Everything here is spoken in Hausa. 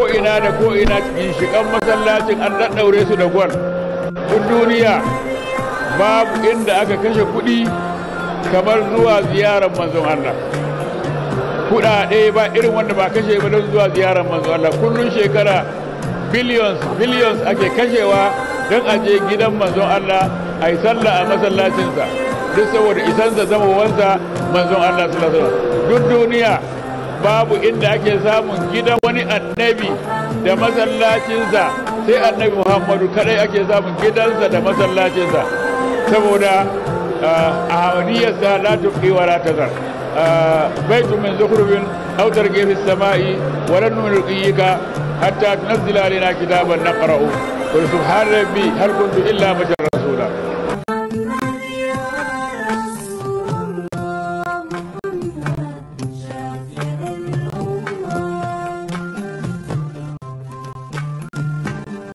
ko'ina da ko'ina ginshikan masallacin an daddaure su da gwal duk duniya babu inda aka kashe kuɗi kamar zuwa ziyarar manzon Allah kuɗaɗe ba irin wanda ba kashe ba don zuwa ziyarar manzon Allah kullum shekara billions billions ake kashewa don aje gidan manzon Allah a yi sallah a masallacinsa duk saboda isansa zama wansa manzon Allah sallallahu alaihi duk duniya babu inda ake samun gidan wani annabi da masallacinsa sai annabi muhammadu kadai ake samun gidansa da masallacinsa saboda a ah, hawaniyarsa la tuqi wa la ah, baitu min zukhrubin aw gefen samai waɗannan lan ƙiyyika hatta tunzila na ƙara'u naqra'u su har rabbi har kuntu illa basharan